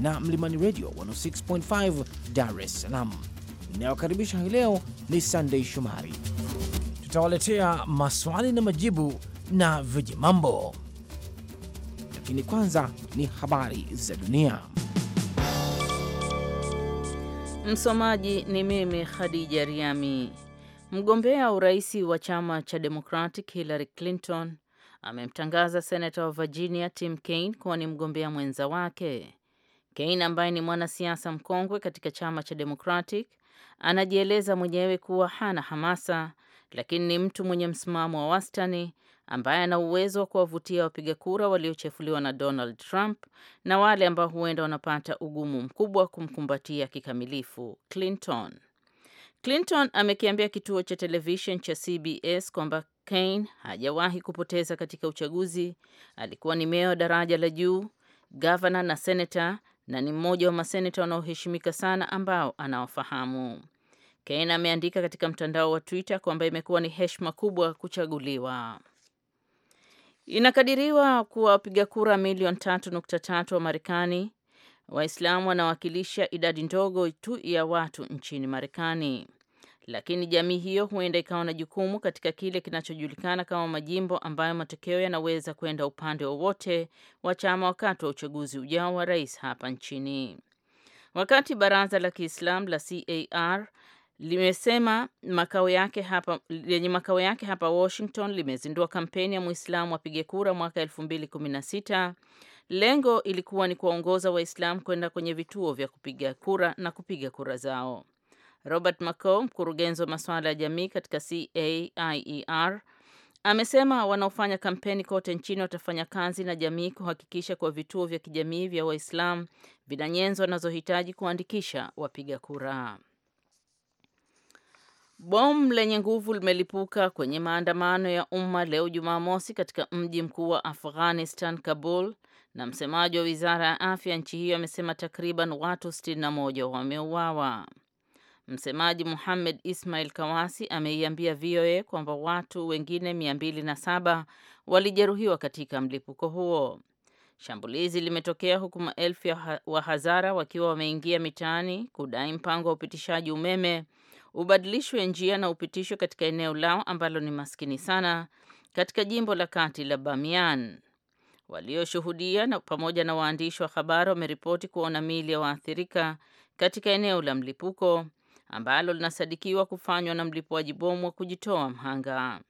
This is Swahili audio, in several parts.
na Mlimani Radio 106.5 Dar es Salaam. Inayokaribisha hii leo ni Sunday Shomari. Tutawaletea maswali na majibu na vijimambo, lakini kwanza ni habari za dunia. Msomaji ni mimi Khadija Riami. Mgombea urais wa chama cha Democratic Hillary Clinton amemtangaza senata wa Virginia Tim Kaine kuwa ni mgombea mwenza wake. Kein ambaye ni mwanasiasa mkongwe katika chama cha Democratic anajieleza mwenyewe kuwa hana hamasa, lakini ni mtu mwenye msimamo wa wastani ambaye ana uwezo wa kuwavutia wapiga kura waliochefuliwa na Donald Trump na wale ambao huenda wanapata ugumu mkubwa kumkumbatia kikamilifu Clinton. Clinton amekiambia kituo cha televishen cha CBS kwamba Kein hajawahi kupoteza katika uchaguzi. Alikuwa ni meya wa daraja la juu, gavana na senata, na ni mmoja wa maseneta wanaoheshimika sana ambao anawafahamu. Kane ameandika katika mtandao wa Twitter kwamba imekuwa ni heshima kubwa kuchaguliwa. Inakadiriwa kuwa wapiga kura milioni tatu nukta tatu wa Marekani Waislamu wanawakilisha idadi ndogo tu ya watu nchini Marekani lakini jamii hiyo huenda ikawa na jukumu katika kile kinachojulikana kama majimbo ambayo matokeo yanaweza kwenda upande wowote wa chama wakati wa uchaguzi ujao wa rais hapa nchini. Wakati baraza la Kiislamu la CAR limesema makao yake hapa lenye makao yake hapa Washington limezindua kampeni ya Muislamu apige kura mwaka 2016. Lengo ilikuwa ni kuwaongoza Waislamu kwenda kwenye vituo vya kupiga kura na kupiga kura zao. Robert Macow, mkurugenzi wa masuala ya jamii katika CAIER, amesema wanaofanya kampeni kote nchini watafanya kazi na jamii kuhakikisha kuwa vituo vya kijamii vya Waislamu vina nyenzo wanazohitaji kuandikisha wapiga kura. Bomu lenye nguvu limelipuka kwenye maandamano ya umma leo Jumamosi katika mji mkuu wa Afghanistan, Kabul, na msemaji wa wizara ya afya nchi hiyo amesema takriban watu 61 wameuawa. Msemaji Muhamed Ismail Kawasi ameiambia VOA kwamba watu wengine 207 walijeruhiwa katika mlipuko huo. Shambulizi limetokea huku maelfu ya wahazara wakiwa wameingia mitaani kudai mpango wa upitishaji umeme ubadilishwe njia na upitishwe katika eneo lao ambalo ni maskini sana katika jimbo la kati la Bamian. Walioshuhudia na pamoja na waandishi wa habari wameripoti kuona miili ya waathirika katika eneo la mlipuko ambalo linasadikiwa kufanywa na mlipuaji bomu wa kujitoa mhanga.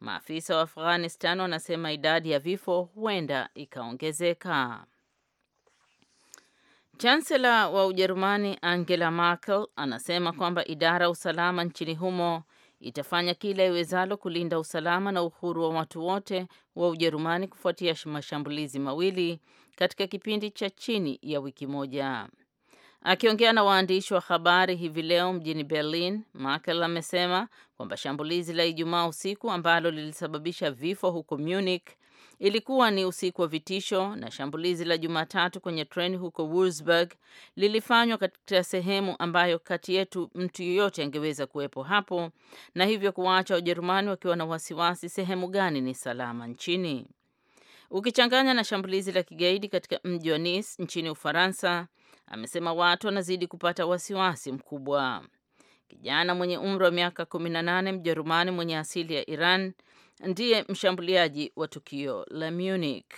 Maafisa wa Afghanistan wanasema idadi ya vifo huenda ikaongezeka. Chansela wa Ujerumani Angela Merkel anasema kwamba idara ya usalama nchini humo itafanya kila iwezalo kulinda usalama na uhuru wa watu wote wa Ujerumani kufuatia mashambulizi mawili katika kipindi cha chini ya wiki moja. Akiongea na waandishi wa habari hivi leo mjini Berlin, Merkel amesema kwamba shambulizi la Ijumaa usiku ambalo lilisababisha vifo huko Munich ilikuwa ni usiku wa vitisho na shambulizi la Jumatatu kwenye treni huko Wurzburg lilifanywa katika sehemu ambayo kati yetu mtu yeyote angeweza kuwepo hapo na hivyo kuwaacha Wajerumani wakiwa na wasiwasi sehemu gani ni salama nchini. Ukichanganya na shambulizi la kigaidi katika mji wa Nice nchini Ufaransa amesema watu wanazidi kupata wasiwasi mkubwa. Kijana mwenye umri wa miaka 18 Mjerumani mwenye asili ya Iran ndiye mshambuliaji wa tukio la Munich.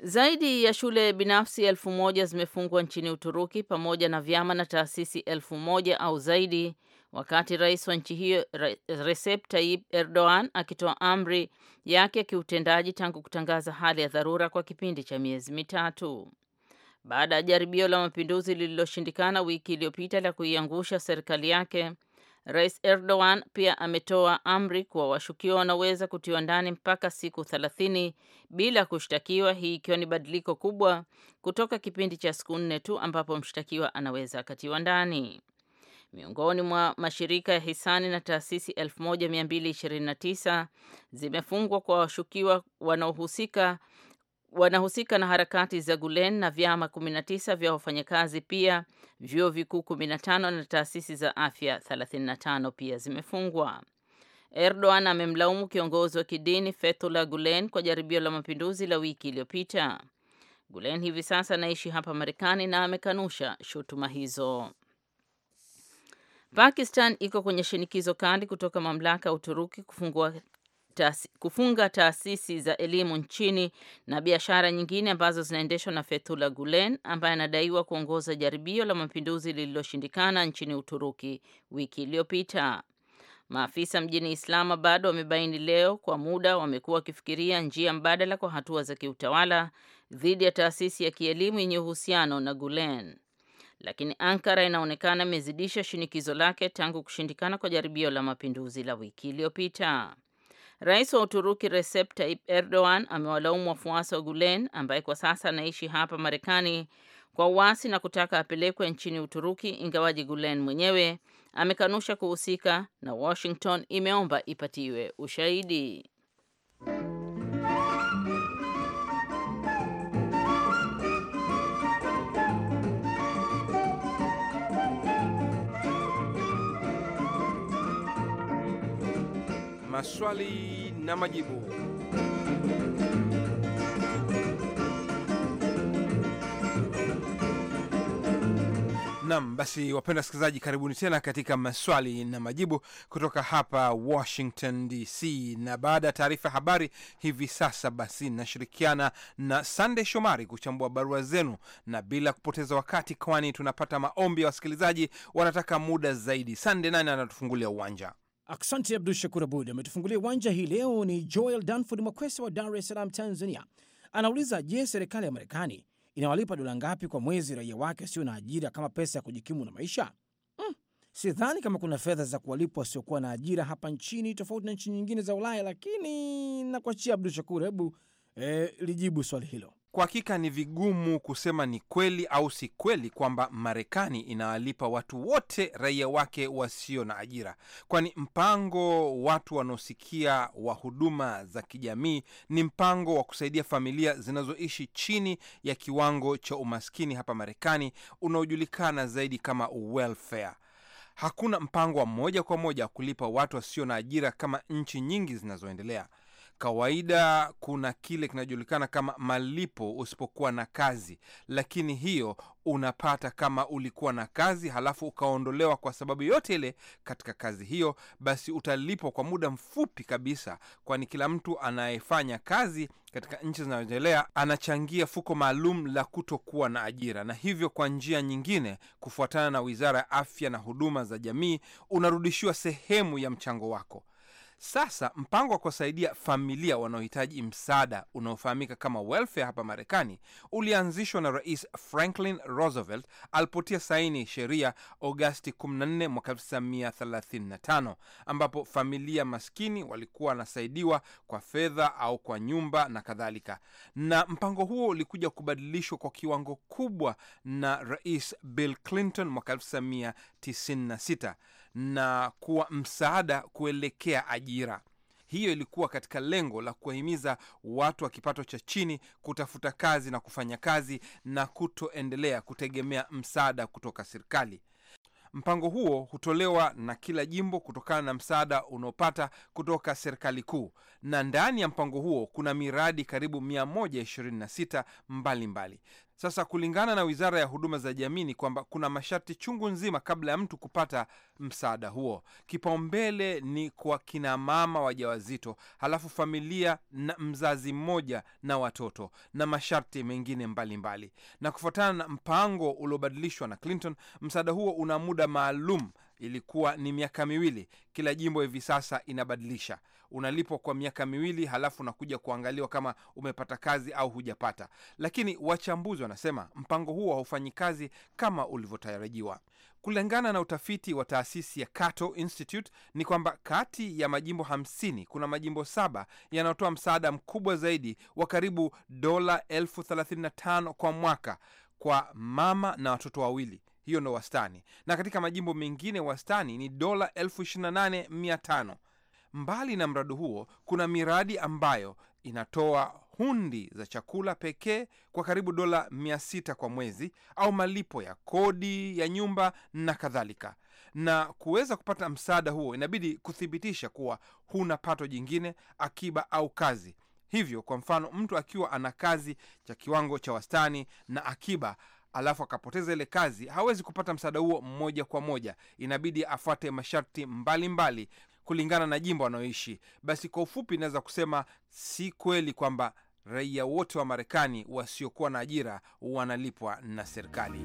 Zaidi ya shule binafsi elfu moja zimefungwa nchini Uturuki pamoja na vyama na taasisi elfu moja au zaidi wakati rais wa nchi hiyo Recep Tayyip Erdogan akitoa amri yake ya kiutendaji tangu kutangaza hali ya dharura kwa kipindi cha miezi mitatu baada ya jaribio la mapinduzi lililoshindikana wiki iliyopita la kuiangusha serikali yake. Rais Erdogan pia ametoa amri kuwa washukiwa wanaweza kutiwa ndani mpaka siku thelathini bila kushtakiwa, hii ikiwa ni badiliko kubwa kutoka kipindi cha siku nne tu ambapo mshtakiwa anaweza akatiwa ndani. Miongoni mwa mashirika ya hisani na taasisi 1229 zimefungwa kwa washukiwa wanaohusika wanahusika na harakati za Gulen na vyama 19 vya wafanyakazi pia vyuo vikuu 15 na taasisi za afya 35 pia zimefungwa. Erdogan amemlaumu kiongozi wa kidini Fethullah Gulen kwa jaribio la mapinduzi la wiki iliyopita. Gulen hivi sasa anaishi hapa Marekani na amekanusha shutuma hizo. Pakistan iko kwenye shinikizo kali kutoka mamlaka ya Uturuki kufungua taasi, kufunga taasisi za elimu nchini na biashara nyingine ambazo zinaendeshwa na Fethullah Gulen ambaye anadaiwa kuongoza jaribio la mapinduzi lililoshindikana nchini Uturuki wiki iliyopita. Maafisa mjini Islamabad wamebaini leo kwa muda wamekuwa wakifikiria njia mbadala kwa hatua za kiutawala dhidi ya taasisi ya kielimu yenye uhusiano na Gulen. Lakini Ankara inaonekana imezidisha shinikizo lake tangu kushindikana kwa jaribio la mapinduzi la wiki iliyopita. Rais wa Uturuki Recep Tayyip Erdogan amewalaumu wafuasi wa Gulen ambaye kwa sasa anaishi hapa Marekani kwa uasi na kutaka apelekwe nchini Uturuki ingawaji Gulen mwenyewe amekanusha kuhusika na Washington imeomba ipatiwe ushahidi. maswali na majibu. Nam, basi wapenda wasikilizaji, karibuni tena katika maswali na majibu kutoka hapa Washington DC. Na baada ya taarifa ya habari hivi sasa, basi nashirikiana na Sande Shomari kuchambua barua zenu, na bila kupoteza wakati, kwani tunapata maombi ya wasikilizaji wanataka muda zaidi. Sande, nani anatufungulia uwanja? Asante Abdu Shakur Abud. Ametufungulia uwanja hii leo ni Joel Danford Mwakwesa wa Dar es Salaam, Tanzania. Anauliza, je, serikali ya Marekani inawalipa dola ngapi kwa mwezi raia wake asio na ajira kama pesa ya kujikimu na maisha? Mm, sidhani kama kuna fedha za kuwalipa wasiokuwa na ajira hapa nchini tofauti na nchi nyingine za Ulaya, lakini nakuachia Abdu Shakur, hebu eh, lijibu swali hilo. Kwa hakika ni vigumu kusema ni kweli au si kweli kwamba Marekani inawalipa watu wote raia wake wasio na ajira, kwani mpango watu wanaosikia wa huduma za kijamii ni mpango wa kusaidia familia zinazoishi chini ya kiwango cha umaskini hapa Marekani, unaojulikana zaidi kama welfare. Hakuna mpango wa moja kwa moja wa kulipa watu wasio na ajira kama nchi nyingi zinazoendelea. Kawaida kuna kile kinajulikana kama malipo usipokuwa na kazi, lakini hiyo unapata kama ulikuwa na kazi halafu ukaondolewa kwa sababu yote ile katika kazi hiyo, basi utalipwa kwa muda mfupi kabisa, kwani kila mtu anayefanya kazi katika nchi zinazoendelea anachangia fuko maalum la kutokuwa na ajira, na hivyo kwa njia nyingine, kufuatana na Wizara ya Afya na Huduma za Jamii, unarudishiwa sehemu ya mchango wako. Sasa mpango wa kuwasaidia familia wanaohitaji msaada unaofahamika kama welfare hapa Marekani ulianzishwa na Rais Franklin Roosevelt alipotia saini sheria Agosti 14 mwaka 1935, ambapo familia maskini walikuwa wanasaidiwa kwa fedha au kwa nyumba na kadhalika. Na mpango huo ulikuja kubadilishwa kwa kiwango kubwa na Rais Bill Clinton mwaka 1996 na kuwa msaada kuelekea ajira. Hiyo ilikuwa katika lengo la kuwahimiza watu wa kipato cha chini kutafuta kazi na kufanya kazi na kutoendelea kutegemea msaada kutoka serikali. Mpango huo hutolewa na kila jimbo kutokana na msaada unaopata kutoka serikali kuu, na ndani ya mpango huo kuna miradi karibu 126 mbalimbali. Sasa kulingana na wizara ya huduma za jamii ni kwamba kuna masharti chungu nzima kabla ya mtu kupata msaada huo. Kipaumbele ni kwa kina mama wajawazito, halafu familia na mzazi mmoja na watoto na masharti mengine mbalimbali mbali. Na kufuatana na mpango uliobadilishwa na Clinton, msaada huo una muda maalum, ilikuwa ni miaka miwili. Kila jimbo hivi sasa inabadilisha unalipwa kwa miaka miwili, halafu unakuja kuangaliwa kama umepata kazi au hujapata. Lakini wachambuzi wanasema mpango huo haufanyi kazi kama ulivyotarajiwa. Kulingana na utafiti wa taasisi ya Cato Institute ni kwamba kati ya majimbo 50 kuna majimbo saba yanayotoa msaada mkubwa zaidi wa karibu dola elfu 35 kwa mwaka kwa mama na watoto wawili. Hiyo ndo wastani, na katika majimbo mengine wastani ni dola elfu 28 mia tano. Mbali na mradi huo, kuna miradi ambayo inatoa hundi za chakula pekee kwa karibu dola 600 kwa mwezi, au malipo ya kodi ya nyumba na kadhalika. Na kuweza kupata msaada huo, inabidi kuthibitisha kuwa huna pato jingine, akiba au kazi. Hivyo, kwa mfano, mtu akiwa ana kazi cha kiwango cha wastani na akiba alafu akapoteza ile kazi, hawezi kupata msaada huo moja kwa moja. Inabidi afuate masharti mbalimbali mbali kulingana na jimbo wanaoishi. Basi kwa ufupi, naweza kusema si kweli kwamba raia wote wa Marekani wasiokuwa na ajira wanalipwa na serikali.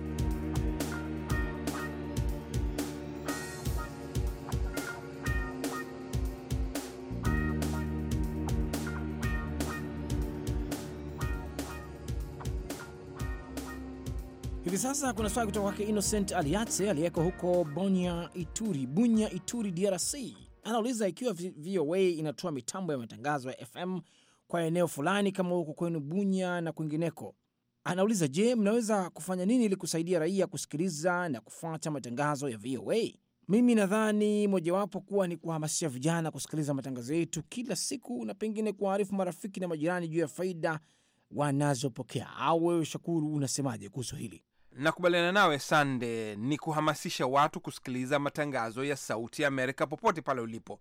Hivi sasa kuna swali kutoka kwake Innocent Aliatse aliyeko huko Bonya Ituri, Bunya Ituri, DRC. Anauliza ikiwa VOA inatoa mitambo ya matangazo ya FM kwa eneo fulani kama huko kwenu Bunya na kwingineko. Anauliza, je, mnaweza kufanya nini ili kusaidia raia kusikiliza na kufuata matangazo ya VOA? Mimi nadhani mojawapo kuwa ni kuhamasisha vijana kusikiliza matangazo yetu kila siku na pengine kuwaarifu marafiki na majirani juu ya faida wanazopokea. Au wewe Shakuru, unasemaje kuhusu hili? Nakubaliana nawe Sande, ni kuhamasisha watu kusikiliza matangazo ya Sauti ya Amerika popote pale ulipo.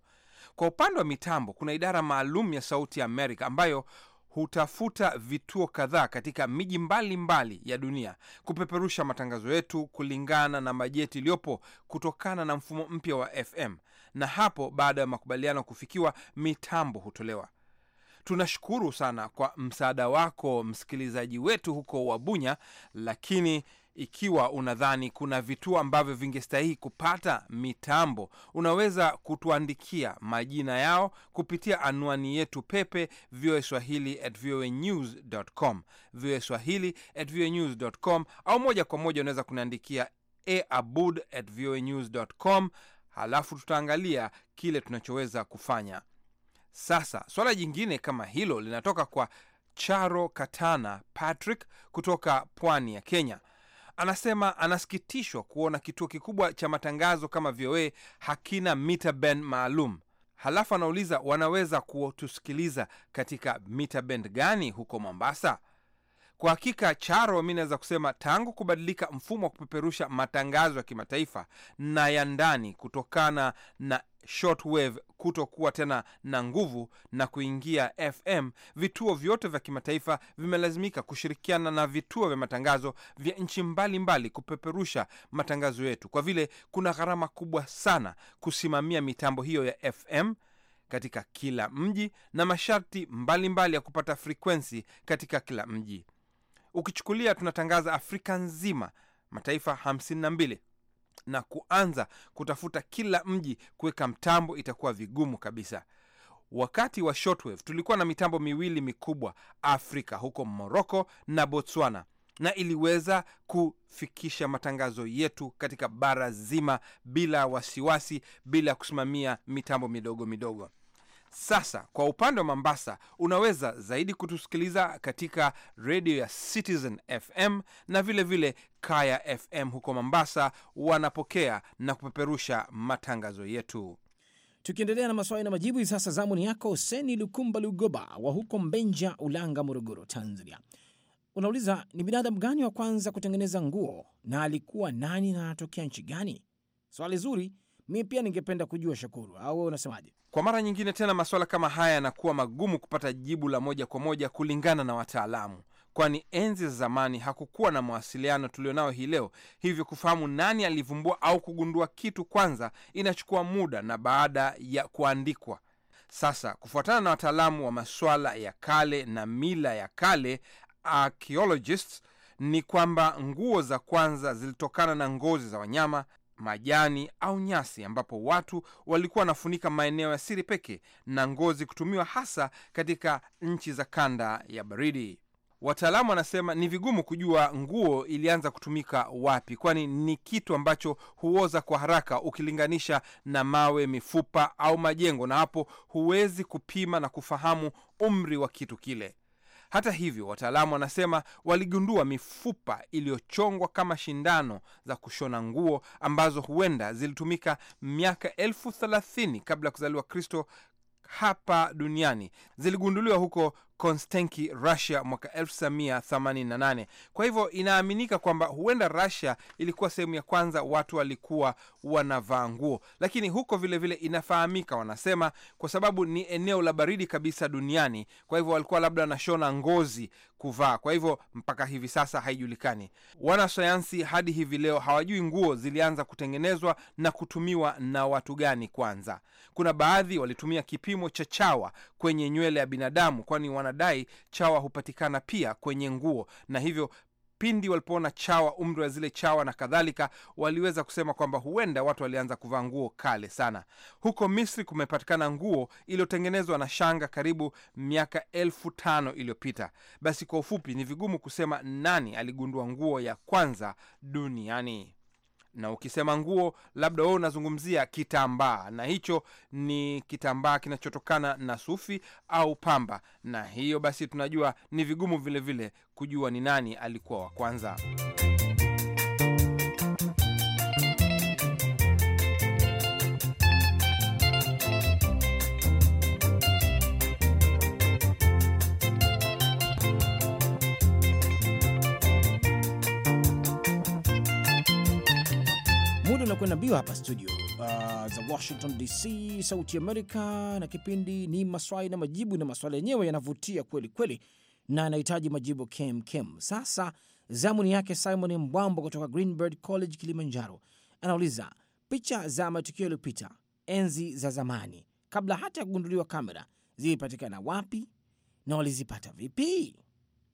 Kwa upande wa mitambo, kuna idara maalum ya Sauti ya Amerika ambayo hutafuta vituo kadhaa katika miji mbalimbali ya dunia kupeperusha matangazo yetu kulingana na bajeti iliyopo kutokana na mfumo mpya wa FM, na hapo baada ya makubaliano kufikiwa, mitambo hutolewa. Tunashukuru sana kwa msaada wako msikilizaji wetu huko Wabunya, lakini ikiwa unadhani kuna vituo ambavyo vingestahili kupata mitambo, unaweza kutuandikia majina yao kupitia anwani yetu pepe VOA swahili at voa news com, VOA swahili at voa news com, au moja kwa moja unaweza kuniandikia aabud at voa news com, halafu tutaangalia kile tunachoweza kufanya. Sasa swala jingine kama hilo linatoka kwa Charo Katana Patrick kutoka pwani ya Kenya anasema anasikitishwa kuona kituo kikubwa cha matangazo kama VOA hakina mita band maalum. Halafu anauliza wanaweza kutusikiliza katika mita band gani huko Mombasa? Kwa hakika, Charo, mi naweza kusema tangu kubadilika mfumo wa kupeperusha matangazo ya kimataifa na ya ndani kutokana na shortwave kutokuwa tena na nguvu na kuingia FM, vituo vyote vya kimataifa vimelazimika kushirikiana na vituo vya matangazo vya nchi mbalimbali kupeperusha matangazo yetu, kwa vile kuna gharama kubwa sana kusimamia mitambo hiyo ya FM katika kila mji na masharti mbalimbali mbali ya kupata frekwensi katika kila mji. Ukichukulia tunatangaza Afrika nzima, mataifa 52 na kuanza kutafuta kila mji kuweka mtambo, itakuwa vigumu kabisa. Wakati wa shortwave tulikuwa na mitambo miwili mikubwa Afrika, huko Moroko na Botswana, na iliweza kufikisha matangazo yetu katika bara zima bila wasiwasi, bila kusimamia mitambo midogo midogo. Sasa kwa upande wa Mombasa unaweza zaidi kutusikiliza katika redio ya Citizen FM na vilevile vile Kaya FM huko Mombasa, wanapokea na kupeperusha matangazo yetu. Tukiendelea na maswali na majibu, hivi sasa zamu ni yako Seni Lukumba Lugoba wa huko Mbenja, Ulanga, Morogoro, Tanzania. Unauliza, ni binadamu gani wa kwanza kutengeneza nguo na alikuwa nani na anatokea nchi gani? Swali zuri Mi pia ningependa kujua, Shukuru, au wewe unasemaje? Kwa mara nyingine tena, masuala kama haya yanakuwa magumu kupata jibu la moja kwa moja kulingana na wataalamu, kwani enzi za zamani hakukuwa na mawasiliano tulionayo hii leo. Hivyo kufahamu nani alivumbua au kugundua kitu kwanza inachukua muda na baada ya kuandikwa sasa, kufuatana na wataalamu wa masuala ya kale na mila ya kale archaeologists, ni kwamba nguo za kwanza zilitokana na ngozi za wanyama majani au nyasi, ambapo watu walikuwa wanafunika maeneo ya siri peke na ngozi, kutumiwa hasa katika nchi za kanda ya baridi. Wataalamu wanasema ni vigumu kujua nguo ilianza kutumika wapi, kwani ni kitu ambacho huoza kwa haraka ukilinganisha na mawe, mifupa au majengo, na hapo huwezi kupima na kufahamu umri wa kitu kile. Hata hivyo, wataalamu wanasema waligundua mifupa iliyochongwa kama shindano za kushona nguo ambazo huenda zilitumika miaka elfu thelathini kabla ya kuzaliwa Kristo hapa duniani, ziligunduliwa huko Konstanki, Russia mwaka 1988. Kwa hivyo inaaminika kwamba huenda Russia ilikuwa sehemu ya kwanza watu walikuwa wanavaa nguo, lakini huko vilevile vile inafahamika, wanasema kwa sababu ni eneo la baridi kabisa duniani, kwa hivyo walikuwa labda wanashona ngozi kuvaa. Kwa hivyo mpaka hivi sasa haijulikani. Wanasayansi hadi hivi leo hawajui nguo zilianza kutengenezwa na kutumiwa na watu gani kwanza. Kuna baadhi walitumia kipimo cha chawa kwenye nywele ya binadamu, kwani wana wanadai chawa hupatikana pia kwenye nguo, na hivyo pindi walipoona chawa, umri wa zile chawa na kadhalika, waliweza kusema kwamba huenda watu walianza kuvaa nguo kale sana. Huko Misri kumepatikana nguo iliyotengenezwa na shanga karibu miaka elfu tano iliyopita. Basi kwa ufupi, ni vigumu kusema nani aligundua nguo ya kwanza duniani na ukisema nguo, labda wewe unazungumzia kitambaa, na hicho ni kitambaa kinachotokana na sufi au pamba, na hiyo basi tunajua ni vigumu vilevile vile kujua ni nani alikuwa wa kwanza. kunaambiwa hapa studio uh, za Washington DC, Sauti Amerika, na kipindi ni maswali na majibu, na maswali yenyewe yanavutia kweli kweli na anahitaji majibu kem kem. Sasa zamu ni yake Simon Mbwambo kutoka Greenbird College, Kilimanjaro. Anauliza, picha za matukio yaliyopita enzi za zamani kabla hata ya kugunduliwa kamera zilipatikana wapi na walizipata vipi?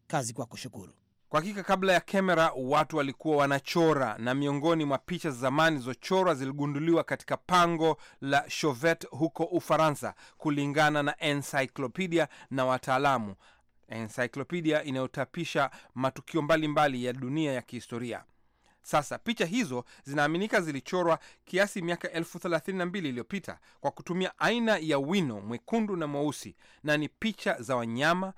Kazi kwako, shukuru. Kwa hakika kabla ya kamera watu walikuwa wanachora, na miongoni mwa picha za zamani zilizochorwa ziligunduliwa katika pango la Chauvet huko Ufaransa, kulingana na encyclopedia na wataalamu, encyclopedia inayotapisha matukio mbalimbali mbali ya dunia ya kihistoria. Sasa picha hizo zinaaminika zilichorwa kiasi miaka elfu thelathini na mbili iliyopita kwa kutumia aina ya wino mwekundu na mweusi, na ni picha za wanyama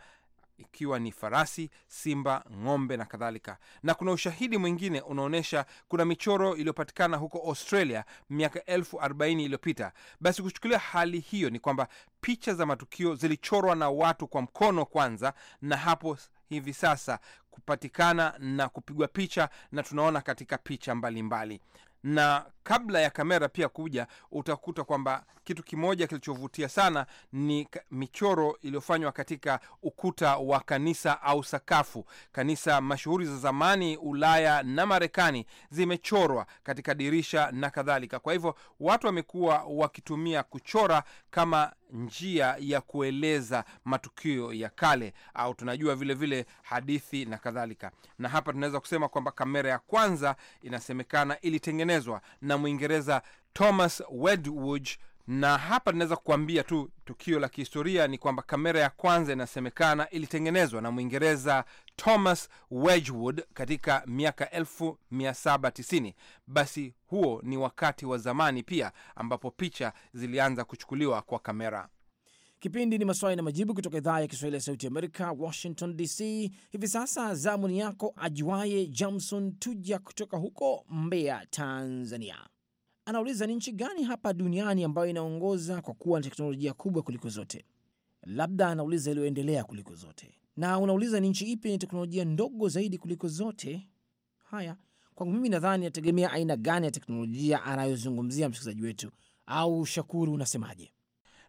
ikiwa ni farasi, simba, ng'ombe na kadhalika. Na kuna ushahidi mwingine unaonyesha kuna michoro iliyopatikana huko Australia miaka elfu arobaini iliyopita. Basi kuchukulia hali hiyo ni kwamba picha za matukio zilichorwa na watu kwa mkono kwanza, na hapo hivi sasa kupatikana na kupigwa picha, na tunaona katika picha mbalimbali mbali. Na kabla ya kamera pia kuja, utakuta kwamba kitu kimoja kilichovutia sana ni michoro iliyofanywa katika ukuta wa kanisa au sakafu. Kanisa mashuhuri za zamani Ulaya na Marekani zimechorwa katika dirisha na kadhalika. Kwa hivyo watu wamekuwa wakitumia kuchora kama njia ya kueleza matukio ya kale, au tunajua vilevile vile hadithi na kadhalika. Na hapa tunaweza kusema kwamba kamera ya kwanza inasemekana ilitengenezwa na Mwingereza Thomas wedwood na hapa tunaweza kukuambia tu tukio la kihistoria ni kwamba kamera ya kwanza inasemekana ilitengenezwa na Mwingereza Thomas Wedgwood katika miaka 790 Basi huo ni wakati wa zamani pia ambapo picha zilianza kuchukuliwa kwa kamera. Kipindi ni maswali na majibu kutoka idhaa ya Kiswahili ya Sauti Amerika, Washington DC. Hivi sasa zamu ni yako Ajuaye Jamson Tuja kutoka huko Mbeya, Tanzania. Anauliza, ni nchi gani hapa duniani ambayo inaongoza kwa kuwa na teknolojia kubwa kuliko zote? Labda anauliza iliyoendelea kuliko zote, na unauliza ni nchi ipi yenye teknolojia ndogo zaidi kuliko zote. Haya, kwangu mimi nadhani nategemea aina gani ya teknolojia anayozungumzia msikilizaji wetu. Au Shakuru, unasemaje?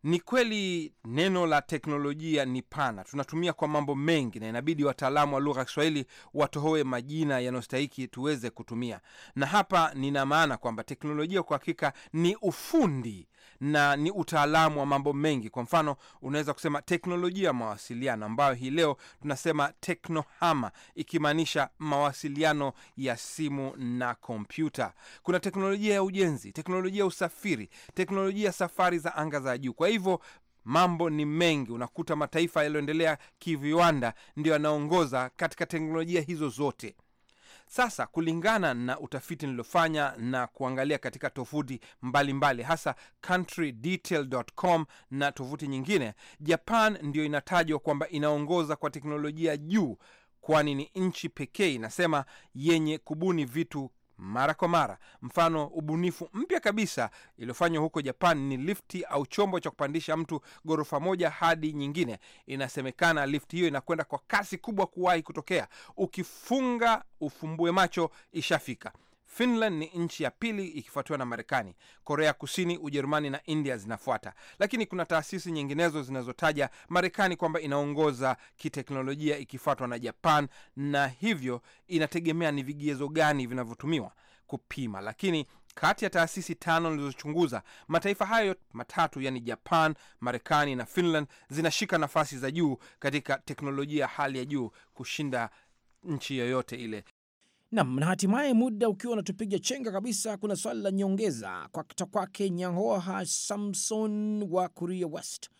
Ni kweli neno la teknolojia ni pana, tunatumia kwa mambo mengi, na inabidi wataalamu wa lugha ya Kiswahili watohoe majina yanayostahiki tuweze kutumia. Na hapa nina maana kwamba teknolojia kwa hakika ni ufundi na ni utaalamu wa mambo mengi. Kwa mfano, unaweza kusema teknolojia ya mawasiliano ambayo hii leo tunasema teknohama, ikimaanisha mawasiliano ya simu na kompyuta. Kuna teknolojia ya ujenzi, teknolojia ya usafiri, teknolojia ya safari za anga za juu. Kwa hivyo mambo ni mengi. Unakuta mataifa yaliyoendelea kiviwanda ndio yanaongoza katika teknolojia hizo zote. Sasa kulingana na utafiti niliofanya na kuangalia katika tovuti mbalimbali, hasa countrydetail.com na tovuti nyingine, Japan ndiyo inatajwa kwamba inaongoza kwa teknolojia juu, kwani ni nchi pekee inasema yenye kubuni vitu mara kwa mara. Mfano, ubunifu mpya kabisa iliyofanywa huko Japan ni lifti au chombo cha kupandisha mtu ghorofa moja hadi nyingine. Inasemekana lifti hiyo inakwenda kwa kasi kubwa kuwahi kutokea, ukifunga ufumbue macho, ishafika. Finland ni nchi ya pili ikifuatiwa na Marekani. Korea Kusini, Ujerumani na India zinafuata, lakini kuna taasisi nyinginezo zinazotaja Marekani kwamba inaongoza kiteknolojia ikifuatwa na Japan, na hivyo inategemea ni vigezo gani vinavyotumiwa kupima. Lakini kati ya taasisi tano nilizochunguza, mataifa hayo matatu yani Japan, Marekani na Finland zinashika nafasi za juu katika teknolojia hali ya juu kushinda nchi yoyote ile. Nam, na hatimaye muda ukiwa unatupiga chenga kabisa, kuna swali la nyongeza kwa kuta kwake nyahoha Samson wa Korea West.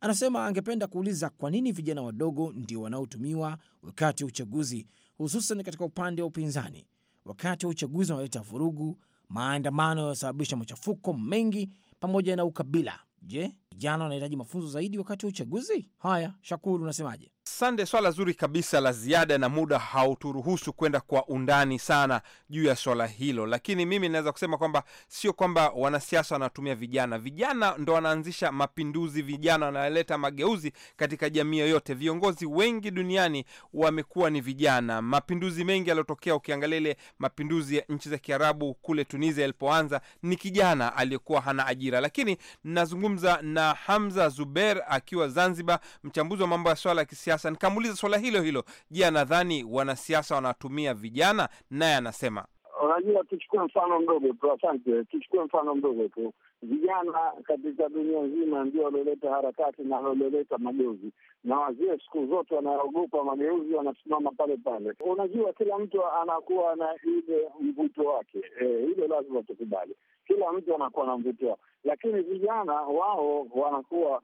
Anasema angependa kuuliza kwa nini vijana wadogo ndio wanaotumiwa wakati wa uchaguzi, hususan katika upande wa upinzani. Wakati wa uchaguzi wanaleta vurugu, maandamano yanasababisha machafuko mengi pamoja na ukabila. Je, vijana wanahitaji mafunzo zaidi wakati wa uchaguzi? Haya, Shakuru, unasemaje? Sande, swala zuri kabisa la ziada, na muda hauturuhusu kwenda kwa undani sana juu ya swala hilo, lakini mimi naweza kusema kwamba sio kwamba wanasiasa wanatumia vijana, vijana ndo wanaanzisha mapinduzi, vijana wanaleta mageuzi katika jamii yoyote. Viongozi wengi duniani wamekuwa ni vijana. Mapinduzi mengi yaliyotokea, ukiangalia ile mapinduzi ya nchi za Kiarabu kule Tunisia yalipoanza, ni kijana aliyekuwa hana ajira. Lakini nazungumza na Hamza Zuber akiwa Zanzibar, mchambuzi wa mambo ya swala ya kisiasa Nikamuuliza suala hilo hilo, je, anadhani wanasiasa wanatumia vijana? Naye anasema unajua, tuchukue mfano mdogo tu. Asante, tuchukue mfano mdogo tu. Vijana katika dunia nzima ndio walioleta harakati na walioleta mageuzi, na wazee siku zote wanaogopa mageuzi, wanasimama pale pale. Unajua, kila mtu anakuwa na ile mvuto wake, hilo e, lazima tukubali. Kila mtu anakuwa na mvuto wake, lakini vijana wao wanakuwa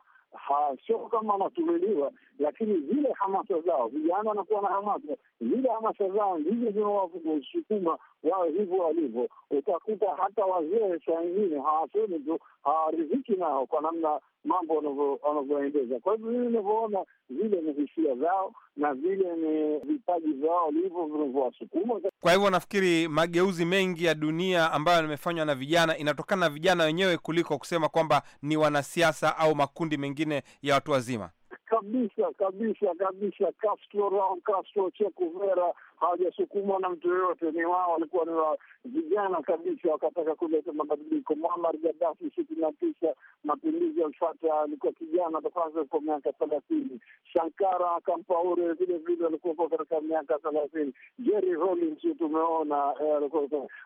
sio kama wanatumiliwa, lakini zile hamasa zao, vijana wanakuwa na hamasa, zile hamasa zao ndizo zinawasukuma wawe hivyo walivyo. Utakuta hata wazee saa ingine hawasemi tu, hawaridhiki nao kwa namna mambo wanavyoendeza. Kwa hivyo mimi inavyoona, vile ni hisia zao na vile ni vipaji vyao walivyo vinavyowasukuma. Kwa hivyo nafikiri mageuzi mengi ya dunia ambayo yamefanywa na vijana inatokana na vijana wenyewe kuliko kusema kwamba ni wanasiasa au makundi mengine ya watu wazima. Kabisa kabisa kabisa. Castro, Raul Castro, Che Guevara hawajasukumwa na mtu yoyote, ni wao walikuwa ni wa vijana kabisa, wakataka kuleta mabadiliko. Muammar Gaddafi sitini na tisa, mapinduzi alfata alikuwa kijana kwanza kwa miaka thelathini. Sankara kampaure vile vile alikuwa katika miaka thelathini. Jerry Rawlings tumeona eh,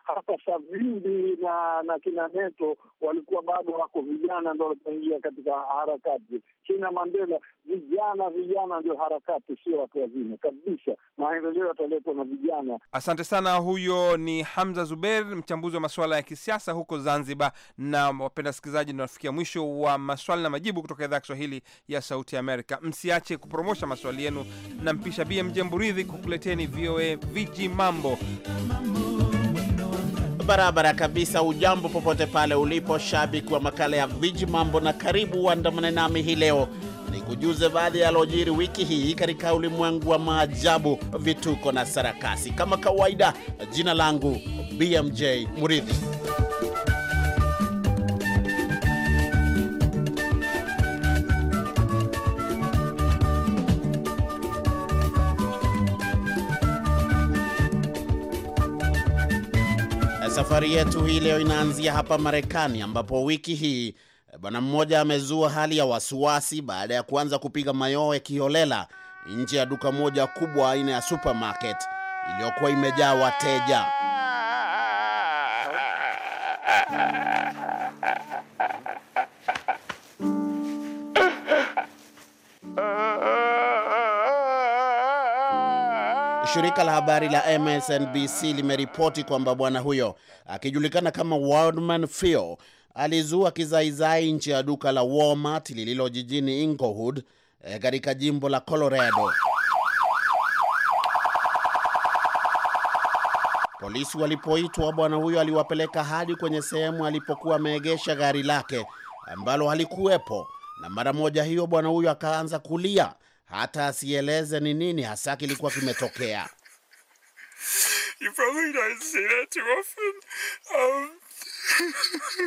hata Savimbi na na kina Neto walikuwa bado wako vijana, ndo walipoingia katika harakati. Kina Mandela vijana vijana ndio harakati, sio watu wazima kabisa. Maendeleo yataleta kuwepo na vijana. Asante sana. Huyo ni Hamza Zuber, mchambuzi wa masuala ya kisiasa huko Zanzibar. Na wapenda wasikilizaji, tunafikia mwisho wa maswali na majibu kutoka idhaa ya Kiswahili ya Sauti Amerika. Msiache kupromosha maswali yenu, na mpisha BMJ Mburidhi kukuleteni VOA Viji Mambo barabara kabisa. Ujambo popote pale ulipo, shabiki wa makala ya Viji Mambo, na karibu uandamane nami hii leo nikujuze baadhi ya yalojiri wiki hii katika ulimwengu wa maajabu, vituko na sarakasi. Kama kawaida, jina langu BMJ Muridhi. Safari yetu hii leo inaanzia hapa Marekani ambapo wiki hii Bwana mmoja amezua hali ya wasiwasi baada ya kuanza kupiga mayowe kiholela nje ya duka moja kubwa aina ya supermarket iliyokuwa imejaa wateja. Shirika la habari la MSNBC limeripoti kwamba bwana huyo akijulikana kama Waldman Phil alizua kizaizai nje ya duka la Walmart lililo jijini Inglewood eh, katika jimbo la Colorado. Polisi walipoitwa, bwana huyo aliwapeleka hadi kwenye sehemu alipokuwa ameegesha gari lake ambalo halikuwepo, na mara moja hiyo bwana huyo akaanza kulia, hata asieleze ni nini hasa kilikuwa kimetokea. You probably don't see that too often. Um...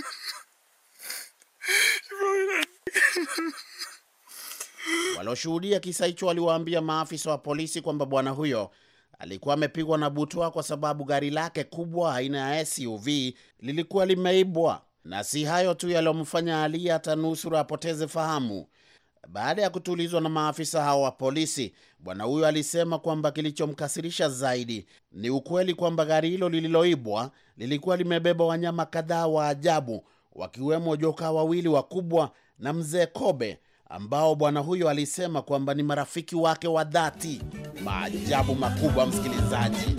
Walioshuhudia kisa hicho waliwaambia maafisa wa polisi kwamba bwana huyo alikuwa amepigwa na butwa kwa sababu gari lake kubwa aina ya SUV lilikuwa limeibwa. Na si hayo tu yaliyomfanya Ali hata nusura apoteze fahamu. Baada ya kutulizwa na maafisa hao wa polisi, bwana huyo alisema kwamba kilichomkasirisha zaidi ni ukweli kwamba gari hilo lililoibwa lilikuwa limebeba wanyama kadhaa wa ajabu wakiwemo joka wawili wakubwa na mzee kobe ambao bwana huyo alisema kwamba ni marafiki wake wa dhati. Maajabu makubwa, msikilizaji.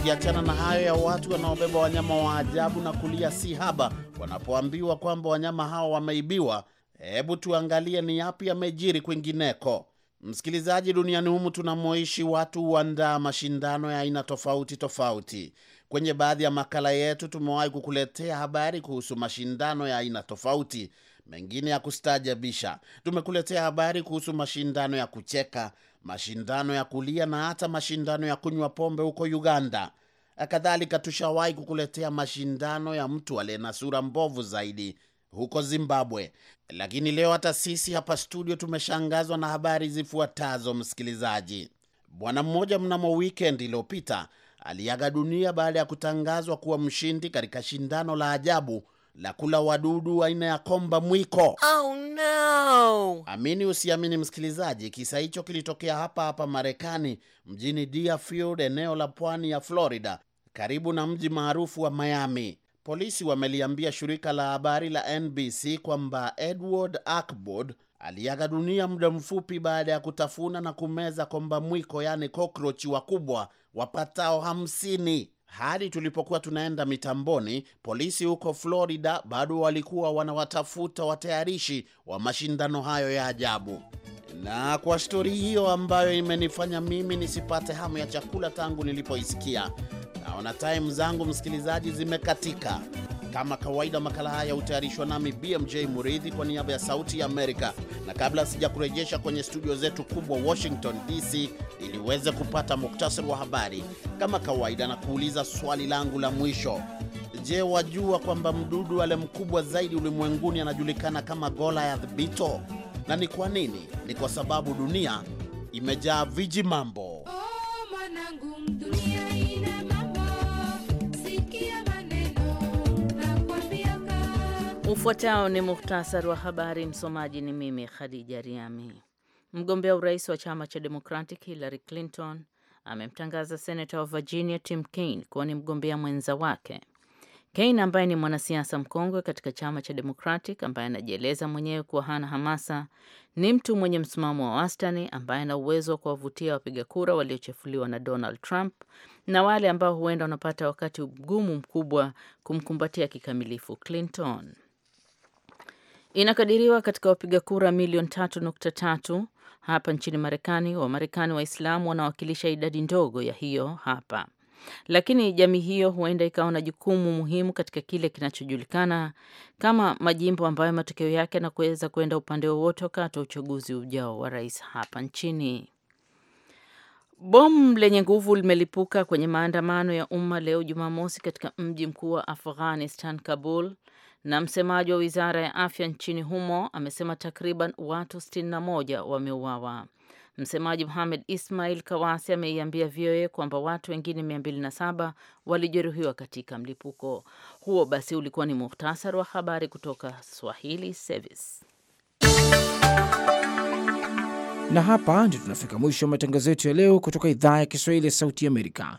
Tukiachana na hayo ya watu wanaobeba wanyama wa ajabu na kulia si haba wanapoambiwa kwamba wanyama hao wameibiwa, hebu tuangalie ni yapi yamejiri kwingineko. Msikilizaji, duniani humu tunamoishi watu huandaa mashindano ya aina tofauti tofauti. Kwenye baadhi ya makala yetu tumewahi kukuletea habari kuhusu mashindano ya aina tofauti, mengine ya kustaajabisha. Tumekuletea habari kuhusu mashindano ya kucheka mashindano ya kulia na hata mashindano ya kunywa pombe huko Uganda. Kadhalika tushawahi kukuletea mashindano ya mtu aliye na sura mbovu zaidi huko Zimbabwe. Lakini leo hata sisi hapa studio tumeshangazwa na habari zifuatazo, msikilizaji. Bwana mmoja mnamo wikendi iliyopita aliaga dunia baada ya kutangazwa kuwa mshindi katika shindano la ajabu la kula wadudu aina ya komba mwiko. Oh, no. Amini usiamini, msikilizaji, kisa hicho kilitokea hapa hapa Marekani, mjini Deerfield, eneo la pwani ya Florida, karibu na mji maarufu wa Miami. Polisi wameliambia shirika la habari la NBC kwamba Edward Akbod aliaga dunia muda mfupi baada ya kutafuna na kumeza komba mwiko, yaani kokrochi wakubwa wapatao hamsini hadi tulipokuwa tunaenda mitamboni, polisi huko Florida bado walikuwa wanawatafuta watayarishi wa mashindano hayo ya ajabu. Na kwa stori hiyo ambayo imenifanya mimi nisipate hamu ya chakula tangu nilipoisikia Naona time zangu msikilizaji zimekatika. Kama kawaida, makala haya hutayarishwa nami BMJ Muridhi kwa niaba ya Sauti ya Amerika, na kabla sijakurejesha kwenye studio zetu kubwa Washington DC ili uweze kupata muktasari wa habari, kama kawaida, na kuuliza swali langu la mwisho. Je, wajua kwamba mdudu ale mkubwa zaidi ulimwenguni anajulikana kama Goliath Beetle? Na ni kwa nini? Ni kwa sababu dunia imejaa viji mambo. Oh, manangu, dunia ina... Ufuatao ni muhtasari wa habari. Msomaji ni mimi Khadija Riami. Mgombea urais wa chama cha Democratic Hillary Clinton amemtangaza senata wa Virginia Tim Kaine kuwa ni mgombea mwenza wake. Kaine ambaye ni mwanasiasa mkongwe katika chama cha Democratic ambaye anajieleza mwenyewe kuwa hana hamasa, ni mtu mwenye msimamo wa wastani ambaye ana uwezo wa kuwavutia wapiga kura waliochefuliwa na Donald Trump na wale ambao huenda wanapata wakati mgumu mkubwa kumkumbatia kikamilifu Clinton. Inakadiriwa katika wapiga kura milioni tatu nukta tatu hapa nchini Marekani. Wamarekani Waislamu wanawakilisha idadi ndogo ya hiyo hapa, lakini jamii hiyo huenda ikawa na jukumu muhimu katika kile kinachojulikana kama majimbo ambayo matokeo yake yanaweza kwenda upande wowote wakati wa uchaguzi ujao wa rais hapa nchini. Bomu lenye nguvu limelipuka kwenye maandamano ya umma leo Jumamosi katika mji mkuu wa Afghanistan, Kabul, na msemaji wa wizara ya afya nchini humo amesema takriban watu 61 wameuawa. Msemaji muhamed Ismail Kawasi ameiambia VOA kwamba watu wengine 207 walijeruhiwa katika mlipuko huo. Basi ulikuwa ni muhtasari wa habari kutoka Swahili Service, na hapa ndio tunafika mwisho wa matangazo yetu ya leo kutoka idhaa ya Kiswahili ya Sauti Amerika.